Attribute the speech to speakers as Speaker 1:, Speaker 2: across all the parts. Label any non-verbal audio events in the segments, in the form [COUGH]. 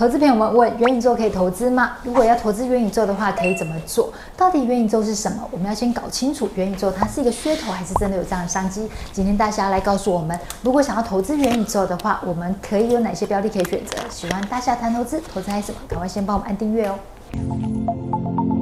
Speaker 1: 投資朋友們問元宇宙可以投資嗎？如果要投資元宇宙的話，可以怎麼做？到底元宇宙是什麼？我們要先搞清楚元宇宙，它是一個噱頭還是真的有這樣的商機？今天大俠來告訴我們，如果想要投資元宇宙的話，我們可以有哪些標的可以選擇？喜歡大俠談投資，投資嗨什麼，趕快先幫我們按訂閱哦。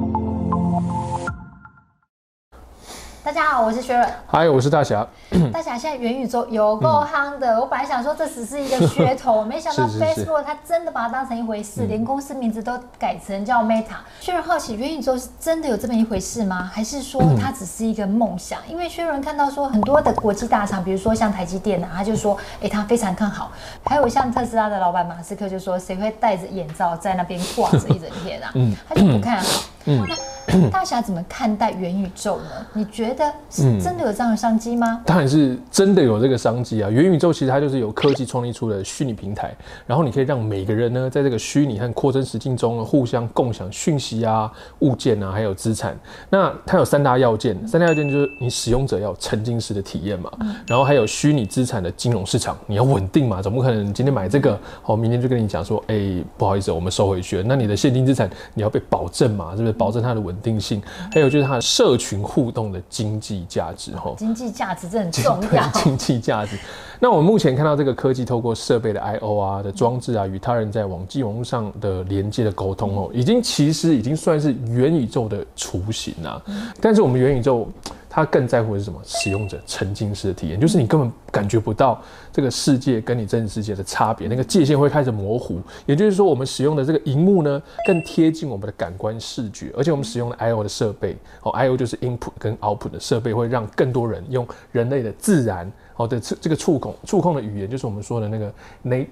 Speaker 1: 大家好，我是薛
Speaker 2: 倫。嗨，我是大俠。大
Speaker 1: 俠，現在元宇宙有夠夯的、嗯。我本來想說這只是一個噱頭，嗯、沒想到 Facebook 他真的把它當成一回事。是是是，連公司名字都改成叫 Meta。嗯、薛倫好奇，元宇宙是真的有這麼一回事嗎？還是說它只是一個夢想、嗯？因為薛倫看到說很多的國際大廠，比如說像台積電啊，他就說，哎、欸，他非常看好。還有像特斯拉的老闆馬斯克就說，誰會戴着眼罩在那邊掛着一整天啊、嗯？他
Speaker 2: 就不看好。嗯嗯 [COUGHS] 大
Speaker 1: 俠怎麼看待元宇宙呢？你覺得是真的有這樣的商機嗎、嗯？
Speaker 2: 當然是真的有這個商機啊！元宇宙其實它就是由科技創立出的虛擬平台，然後你可以讓每個人呢在這個虛擬和擴增實境中呢互相共享訊息啊、物件啊，還有資產。那它有三大要件，三大要件就是你使用者要沉浸式的體驗嘛、嗯，然後還有虛擬資產的金融市場，你要穩定嘛，怎麼可能今天買這個，好、哦，明天就跟你講說，哎、欸，不好意思，我們收回去，那你的現金資產你要被保證嘛，是不是？保證它的穩。定性，還有就是它的社群互動的經濟價值，哦啊、經
Speaker 1: 濟價值這很重要。經，
Speaker 2: 對，經濟價值。 [LAUGHS] 那我們目前看到這個科技，透過設備的 I O 啊的裝置啊，嗯、與他人在網際網路上的連接的溝通，哦、嗯，已經其實已經算是元宇宙的雛形啦、啊嗯。但是我們元宇宙。他更在乎的是什麼？使用者沉浸式的體驗，就是你根本感覺不到這個世界跟你真實世界的差別，那個界限會開始模糊。也就是說，我們使用的這個熒幕呢，更貼近我們的感官視覺，而且我們使用了 I/O 的設備，哦，I/O 就是 input 跟 output 的設備，會讓更多人用人類的自然。哦、oh,，對，這這個觸控觸控的語言，就是我們說的那個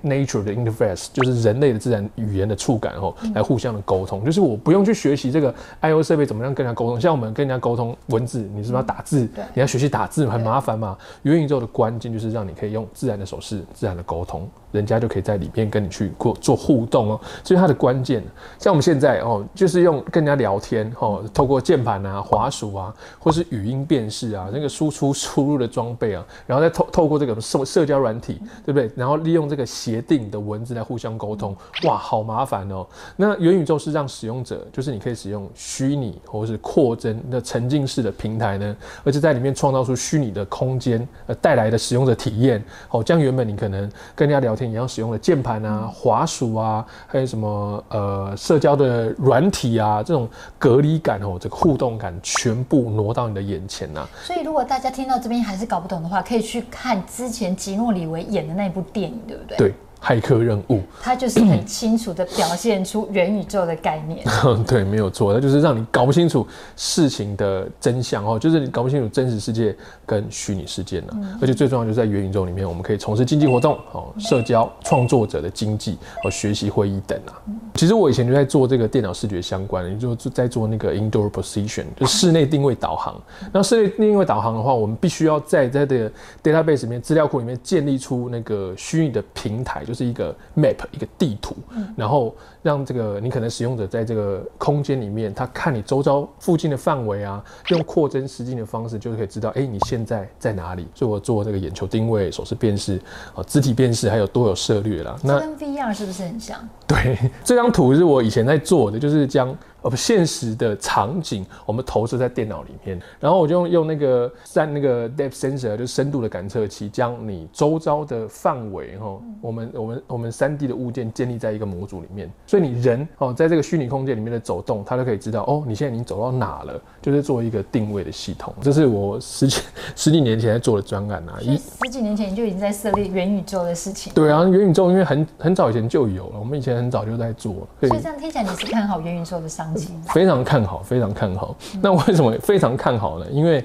Speaker 2: nature 的 interface，就是人類的自然語言的觸感哦，嗯、來互相的溝通，就是我不用去學習這個 I O 設備怎麼樣跟人家溝通、嗯，像我們跟人家溝通文字，你是不是要打字，嗯、你要學習打字、嗯、很麻煩嘛，元宇宙的關鍵就是讓你可以用自然的手勢，自然的溝通。人家就可以在裡面跟你去過做互動哦，這是它的關鍵，像我們現在哦、喔，就是用跟人家聊天哦、喔，透過鍵盤啊、滑鼠啊，或是語音辨識啊，那個輸出輸入的裝備啊，然後再透透過這個社社交軟體，對不對？然後利用這個協定的文字來互相溝通，哇，好麻煩哦。那元宇宙是讓使用者，就是你可以使用虛擬或是擴增的沉浸式的平台呢，而且在裡面創造出虛擬的空間，而帶來的使用者體驗哦，將原本你可能跟人家聊。你要使用的鍵盤啊、滑鼠啊，還有什麼呃社交的軟體啊，這種隔離感哦，這個互動感全部挪到你的眼前吶、
Speaker 1: 啊。所以，如果大家聽到這邊還是搞不懂的話，可以去看之前基努李維演的那部電影，對不對？對。
Speaker 2: 駭客任務，
Speaker 1: 它就是很清楚的表現出元宇宙的概念。
Speaker 2: [COUGHS] 對，沒有錯，那就是讓你搞不清楚事情的真相哦，就是你搞不清楚真實世界跟虛擬世界呢、嗯。而且最重要就是在元宇宙裡面，我們可以從事經濟活動哦，社交、創作者的經濟和學習會議等啊、嗯。其實我以前就在做這個電腦視覺相關的，就在做那個 indoor position 就室內定位導航。那、嗯、室內定位導航的話，我們必須要在這個 database 裡面資料庫裡面建立出那個虛擬的平台。就是一個 map，一個地圖，嗯、然後。讓這個你可能使用者在這個空間裡面，他看你周遭附近的範圍啊，用擴增實境的方式，就可以知道，哎，你現在在哪裡？所以我做這個眼球定位、手勢辨識、啊、哦，肢體辨識，還有多有涉獵啦。那跟
Speaker 1: VR 是不是很像？
Speaker 2: 對，這張圖是我以前在做的，就是將呃現實的場景，我們投射在電腦裡面，然後我就用用那個在那個 depth sensor 就是深度的感測器，將你周遭的範圍哈、哦嗯，我們我們我們 3D 的物件建立在一個模組裡面。所以你人哦，在這個虛擬空間裡面的走動，他就可以知道哦，你現在已經走到哪了，就是做一個定位的系統。這是我十幾十幾年前在做的專案啊，十
Speaker 1: 十幾年前就已經在設立元宇宙的事情。
Speaker 2: 對啊，元宇宙因為很很早以前就有了，我們以前很早就在做。所以這樣
Speaker 1: 聽起來你是看好元宇宙的商機？
Speaker 2: 非常看好，非常看好。那為什麼非常看好呢？因為。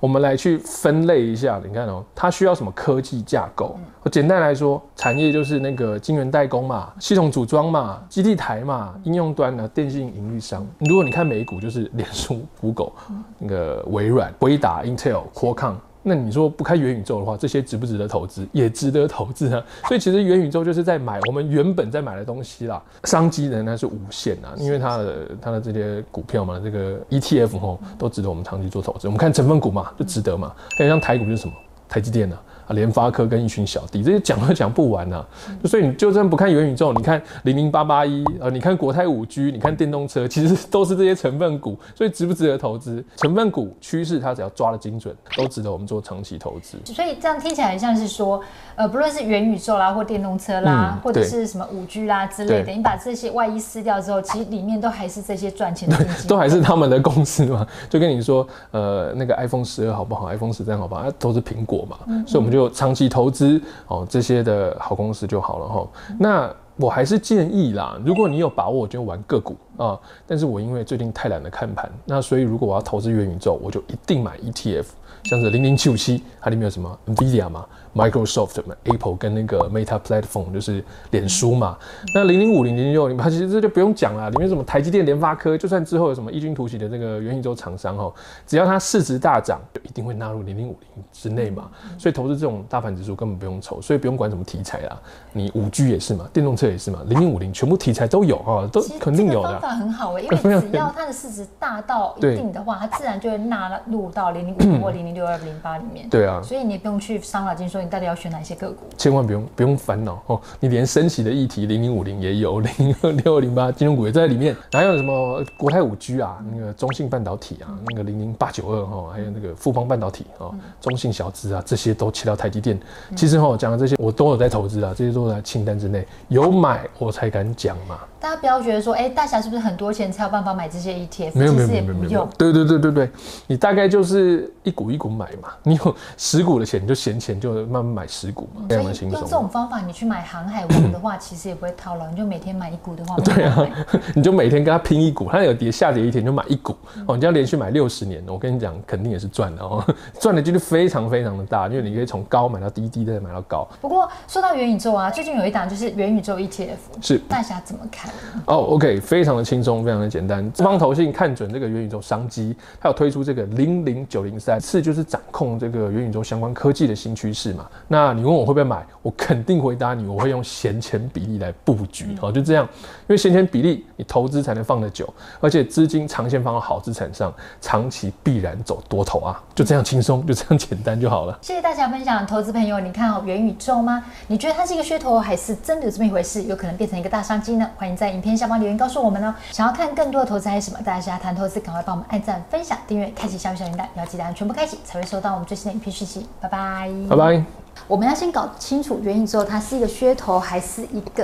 Speaker 2: 我們來去分類一下，你看哦、喔，它需要什麼科技架構？簡單來說，產業就是那個晶圓代工嘛，系統組裝嘛，基地台嘛，應用端的電信營運商。如果你看美股，就是臉書、谷歌、那個微軟、輝達、Intel、Qualcomm 那你說不開元宇宙的話，這些值不值得投資？也值得投資啊。所以其實元宇宙就是在買我們原本在買的東西啦，商機仍然是無限啊。因為它的是是它的這些股票嘛，這個 ETF 吼都值得我們長期做投資，嗯。我們看成分股嘛，就值得嘛。還、嗯、有像台股就是什麼台積電啊。啊、聯發科跟一群小弟，這些講都講不完啊、嗯。所以你就算不看元宇宙，你看零零八八一啊，你看國泰五 G，你看電動車，其實都是這些成分股，所以值不值得投資？成分股趨勢，它只要抓的精準，都值得我們做長期投資。
Speaker 1: 所以這樣聽起來像是說，呃，不論是元宇宙啦，或電動車啦，嗯、或者是什麼五 G 啦之類的，你把這些外衣撕掉之後，其實裡面都還是這些賺錢的
Speaker 2: 都還是他們的公司嘛。就跟你說，呃，那個 iPhone 十二好不好？iPhone 十三好不好？好不好啊、都是蘋果嘛嗯，嗯，所以我們就。就長期投資哦，這些的好公司就好了哈。那我還是建議啦，如果你有把握，就玩個股啊，嗯。但是我因為最近太懶得看盤，那所以如果我要投資元宇宙，我就一定買 ETF。像是零零七五七，它裡面有什麼 NVIDIA 嘛，Microsoft 嘛、Apple 跟那個 Meta Platform，就是臉書嘛。嗯、那零零五零零六，你其實這就不用講了，裡面什麼台積電、聯發科，就算之後有什麼異軍突起的這個元宇宙廠商哦，只要它市值大漲，就一定會納入零零五零之內嘛、嗯。所以投資這種大盤指數根本不用愁，所以不用管什麼題材啦，你五 G 也是嘛，電動車也是嘛，零零五零全部題材都有，都有啊，都肯定有。這個方法
Speaker 1: 很好哎、欸，因為只要它的市值大到一定的話， [LAUGHS] 它自然就會納入到零零五零。零零六二零八裡面，對啊，所以你也不用去傷腦筋說你到底要選哪些個
Speaker 2: 股，千萬不用不用煩惱哦。你連升息的議題零零五零也有，零零六二零八金融股也在裡面，還有什麼國泰五 G 啊、嗯，那個中信半導體啊，嗯、那個零零八九二哈，還有那個富邦半導體啊、喔嗯，中信小資啊，這些都切到台積電、嗯。其實哈、喔，我講的這些我都有在投資啊，這些都在清單之內，有買我才敢講嘛。
Speaker 1: 大家不要覺得說，哎、欸，大俠是不是很多錢才有辦法買這些 ETF？沒有，其實也沒有，沒有，沒有，沒有，
Speaker 2: 沒有，對對對對對，你大概就是一股。一股買嘛，你有十股的錢，你就閒錢就慢慢買十股嘛。非常的輕鬆。用這種
Speaker 1: 方法，你去買航海王的話， [COUGHS] 其實也不會套牢。你就每
Speaker 2: 天買一股的話， [COUGHS] 對啊，你就每天跟他拼一股，他有跌下跌一天就買一股哦、嗯喔。你只要連續買六十年，我跟你講，肯定也是賺的哦、喔，賺 [LAUGHS] 的機率非常非常的大，因為你可以從高買到低，低，低再買到高。
Speaker 1: 不過說到元宇宙啊，最近有一檔就是元宇宙 ETF，是大俠怎麼
Speaker 2: 看？哦、oh,，OK，非常的輕鬆，非常的簡單。富邦投信看準這個元宇宙商機，它有推出這個零零九零三。這就是掌控這個元宇宙相關科技的新趨勢嘛？那你問我會不會買，我肯定回答你，我會用閒錢比例來布局，好就這樣，因為閒錢比例你投資才能放得久，而且資金長線放到好資產上，長期必然走多頭啊，就這樣輕鬆，就這樣簡單就好了、
Speaker 1: 嗯。謝謝大家分享，投資朋友，你看好元宇宙嗎？你覺得它是一個噱頭，還是真的有這麼一回事，有可能變成一個大商機呢？歡迎在影片下方留言告訴我們哦、喔。想要看更多的投資嗨什麼？大俠談投資，趕快幫我們按讚、分享、訂閱，開啟小雨小鈴鐺，要記得按全部開。才會收到我們最新的一批訊息，拜拜，拜拜。我們要先搞清楚元宇宙它是一個噱頭還是一個？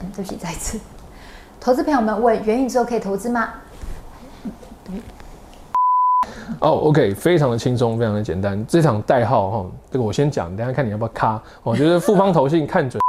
Speaker 1: 嗯、對不起，再次，投資朋友們問元宇宙可以投資嗎？
Speaker 2: 哦、嗯 oh,，OK，非常的輕鬆，非常的簡單。這場代號哈，這個我先講，等一下看你要不要卡。我覺得富邦投信 [LAUGHS] 看準。